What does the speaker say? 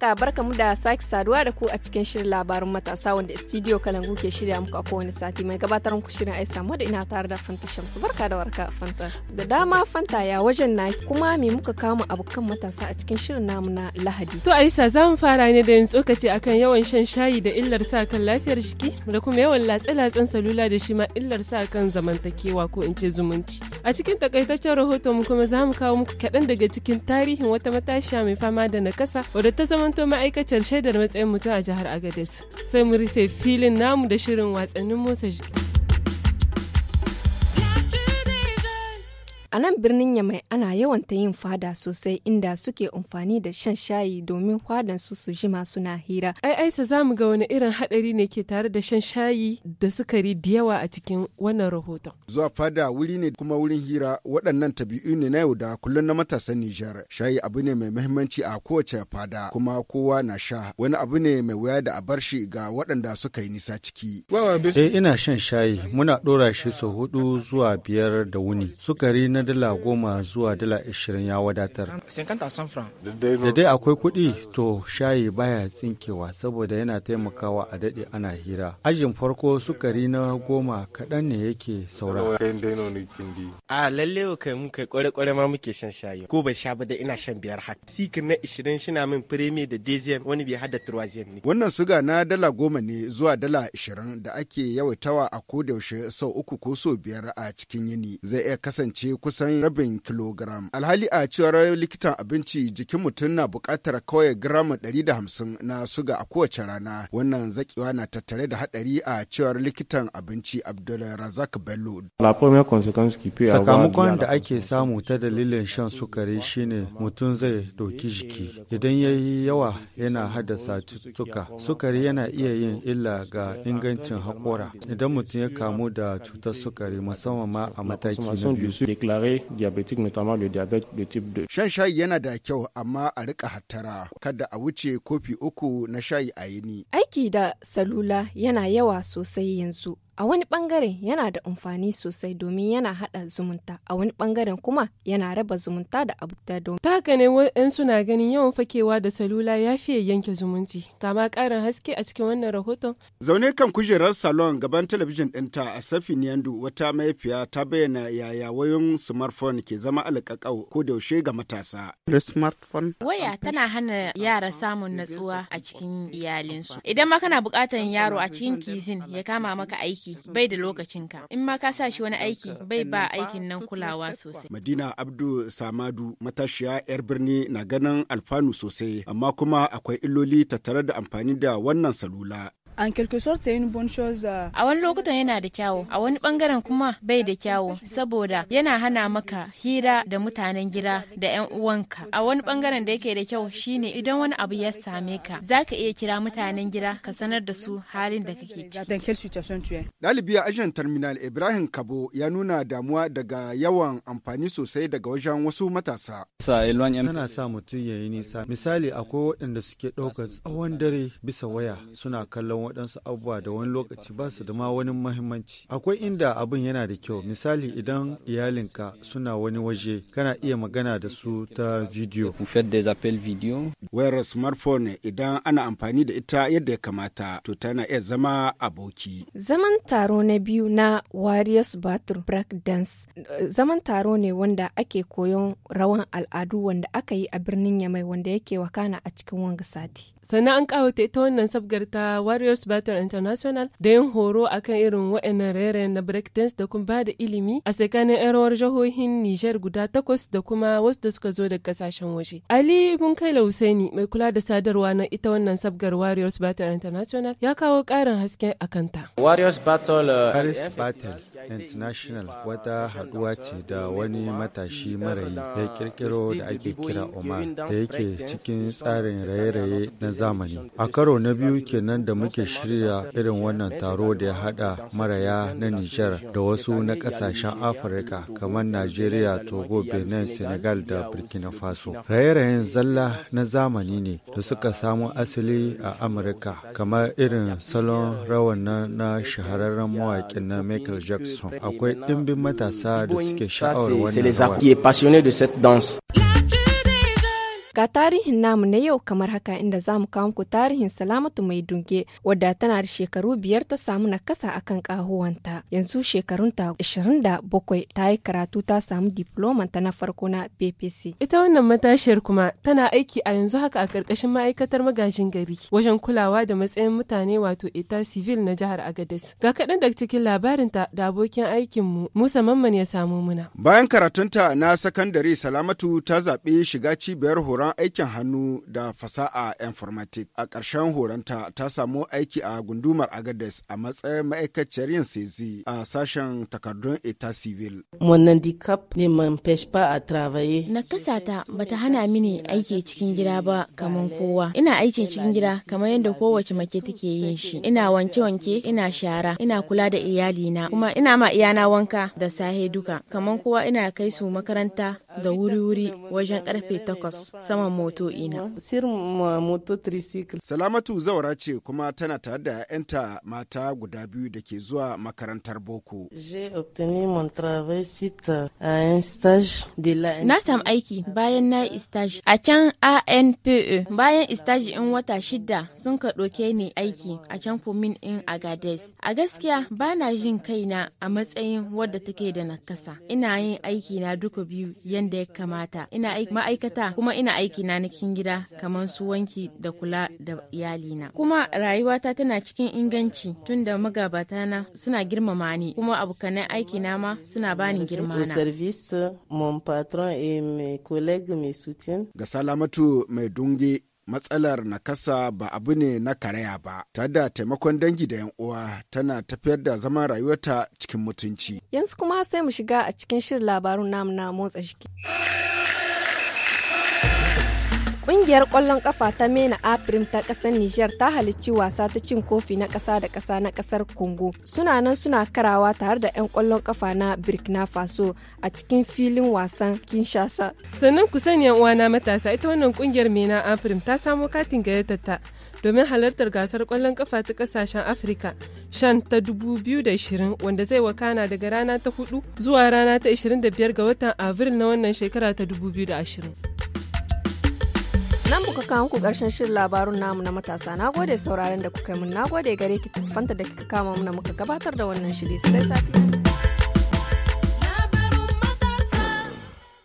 da barka mu da sake saduwa da ku a cikin shirin labarin matasa wanda studio Kalangu ke shirya muku a kowane sati mai gabatar muku shirin ai samu da ina tare da Fanta Shamsu barka da warhaka Fanta. Da dama Fanta ya wajen na kuma me muka kama abokan matasa a cikin shirin namu na Lahadi. To Aisha za mu fara ne da yin tsokaci akan yawan shan shayi da illar sa kan lafiyar jiki da kuma yawan latsa-latsan salula da shi ma illar sa kan zamantakewa ko in ce zumunci. A cikin takaitaccen rahoton mu kuma za mu kawo muku kaɗan daga cikin tarihin wata matashiya mai fama da nakasa wadda ta zamanto ma'aikatar shaidar matsayin mutum a jihar Agadez. Sai mu rufe filin namu da shirin watsannin motsa jiki. A nan birnin Yamai ana yawan ta yin fada sosai inda suke amfani da shan shayi domin fadan su su jima suna hira. Ai Aisa sa zamu ga wani irin hadari ne ke tare da shan shayi da sukari da yawa a cikin wannan rahoton. Zuwa fada wuri ne kuma wurin hira waɗannan tabi'u ne na yau da kullun na matasan Nijar. Shayi abu ne mai muhimmanci a kowace fada kuma kowa na sha wani abu ne mai wuya da a bar shi ga waɗanda suka yi nisa ciki. Eh ina shan shayi muna dora shi so hudu zuwa biyar da wuni. Sukari na dala goma zuwa dala ashirin ya wadatar. Da dai akwai kuɗi to shayi baya tsinkewa saboda yana taimakawa a daɗe ana hira. Ajin farko sukari na goma kaɗan ne yake saura. A lalle kai muka kware-kware ma muke shan shayi. Ko ban sha ba da ina shan biyar haka. Sikir na ishirin shina min firemi da dezem wani bai hada turwazem ne. Wannan suga na dala goma ne zuwa dala ashirin da ake yawaitawa a kodayaushe sau uku ko sau biyar a cikin yini. Zai iya kasance kusan rabin kilogram. Alhali a cewar likitan abinci jikin mutum na buƙatar kawai gram 150 na suga a kowace rana. Wannan zakiwa na tattare da haɗari a cewar likitan abinci Abdulrazak Bello. Sakamakon da ake samu ta dalilin shan sukari shine mutum zai ɗauki jiki. Idan ya yi yawa yana haddasa cututtuka. Sukari yana iya yin illa ga ingancin haƙora. Idan mutum ya kamu da cutar sukari musamman ma a mataki na biyu. déclarés diabétiques notamment le diabète de type 2. Shan shayi yana da kyau amma a rika hattara kada a wuce kofi uku na shayi a yini. Aiki da salula yana yawa sosai yanzu a wani bangaren yana da amfani sosai domin yana hada zumunta a wani bangaren kuma yana raba zumunta da abuta domin ta haka ne wa'yan suna ganin yawan fakewa da salula ya fiye yanke zumunci kama karin haske a cikin wannan rahoton zaune kan kujerar salon gaban talabijin ɗinta a safi niyandu wata mahaifiya ta bayyana yaya wayoyin smartphone ke zama alƙaƙau ko da yaushe ga matasa waya tana hana yara samun natsuwa a cikin iyalinsu idan ma kana buƙatar yaro a cikin kizin ya kama maka aiki aiki bai da lokacinka in ma ka sa shi wani aiki bai ba aikin nan kulawa sosai madina abdu samadu matashiya yar birni na ganin alfanu sosai amma kuma akwai illoli tattare da amfani da wannan salula en quelque sorte c'est une bonne chose euh. a wani lokutan yana da kyawu a wani bangaren kuma bai da kyawu saboda yana hana maka hira da mutanen gida da yan uwanka a wani bangaren da yake da kyau shine idan wani abu ya same ka zaka iya kira mutanen gida ka sanar da su halin da kake ciki dalibi a ajin terminal Ibrahim Kabo ya nuna damuwa daga yawan amfani sosai daga wajen wasu matasa tana sa mutum ya yi nisa misali akwai waɗanda suke ɗaukar tsawon dare bisa waya suna kallon waɗansu abubuwa da wani lokaci ba su da ma wani mahimmanci akwai inda abin yana da kyau misali idan iyalinka suna wani waje kana iya magana da su ta vidiyo. wayar smartphone idan ana amfani da ita yadda ya kamata to tana iya zama aboki zaman taro na biyu na warriors battle break dance eh, zaman taro ne wanda ake koyon rawan al'adu wanda aka yi a birnin yamai wanda yake wakana a cikin wanga sati sannan an kawata ita wannan sabgar ta warriors First Battle International da yin horo akan irin waɗannan rairayen na breakdance da kuma bada ilimi a tsakanin 'yan rawar jihohin Nijar guda takwas da kuma wasu da suka zo daga kasashen waje. Ali Bunkaila Husaini mai kula da sadarwa na ita wannan sabgar Warriors Battle International ya kawo ƙarin haske a kanta. Warriors Battle uh, International wata haɗuwa ce da wani matashi marayi ya kirkiro da ake kira Omar da yake cikin tsarin raye-raye na zamani. A karo na biyu kenan da muke shirya irin wannan taro da ya haɗa maraya na Nijar da wasu na ƙasashen Afirka kamar Najeriya, Togo, Benin, Senegal da Burkina Faso. Raye-rayen zalla na zamani ne da suka samo asali a Amurka kamar irin salon rawan na shahararren mawaƙin na Michael Jackson. C'est les artistes passionnés de cette danse. Ga tarihin namu na yau kamar haka inda za mu kawo ku tarihin Salamatu Mai Dunge wadda tana da shekaru biyar ta samu nakasa akan kahuwanta. Yanzu shekarunta 27 ta yi karatu ta samu ta na farko na BPC. Ita wannan matashiyar kuma tana aiki a yanzu haka a ƙarƙashin ma'aikatar magajin gari wajen kulawa da matsayin mutane wato ita civil na jihar Agadez. Ga kaɗan daga cikin labarinta da abokin aikinmu Musa Mamman ya samu muna. Bayan karatunta na sakandare Salamatu ta zaɓi shiga cibiyar horon aikin hannu da fasa'a informatic a ƙarshen horonta ta samu aiki a gundumar agades a matsayin ma'aikaciyar yin sezi a sashen takardun eta civil kasa ta bata hana mini aiki cikin gida ba kamar kowa ina aiki cikin gida kamar yadda kowace mace take yin shi ina wanke-wanke ina shara ina kula da iyali na. kuma ina ma iyana wanka da sahe duka kamar kowa ina kai su makaranta da wuri-wuri wajen karfe takwas saman moto ina. Salamatu zaura ce kuma tana tare da 'yanta mata guda biyu da ke zuwa makarantar boko. Na sam aiki bayan na istaji a can ANPE bayan istaji in wata shida sun ka ɗoke ni aiki a can kumin in Agades. A gaskiya ba na jin kaina a matsayin wadda take da nakasa. Ina yin aiki na duka biyu yan yadda ya kamata ina ma'aikata kuma ina aiki na cikin gida kamar su wanki da kula da na. kuma rayuwata tana cikin inganci tunda magabata na suna girmama ni kuma abokanan aiki na ma suna bani girma na ga salamatu mai dunge matsalar nakasa ba abu ne na karaya ba ta da taimakon dangi da yan uwa tana tafiyar da zaman rayuwarta cikin mutunci yanzu kuma sai mu shiga a cikin shirin labarun namu na motsa jiki Ƙungiyar ƙwallon ƙafa ta Mena Afrim ta ƙasar Nijar ta halicci wasa ta cin kofi na ƙasa da ƙasa na ƙasar Congo. Suna nan suna karawa tare da 'yan ƙwallon ƙafa na Burkina Faso a cikin filin wasan Kinshasa. Sannan ku sani uwana matasa ita wannan ƙungiyar Mena Afrim ta samo katin gayyatar domin halartar gasar ƙwallon ƙafa ta ƙasashen Afirka shan ta 2020 wanda zai wakana daga rana ta 4 zuwa rana ta 25 ga watan Abril na wannan shekara ta 2020. kuka kawo muku karshen shirin labarun namu na matasa na gode sauraron da kuka yi mun na gode gare ki tufanta da kika kama muna muka gabatar da wannan shiri sai safiya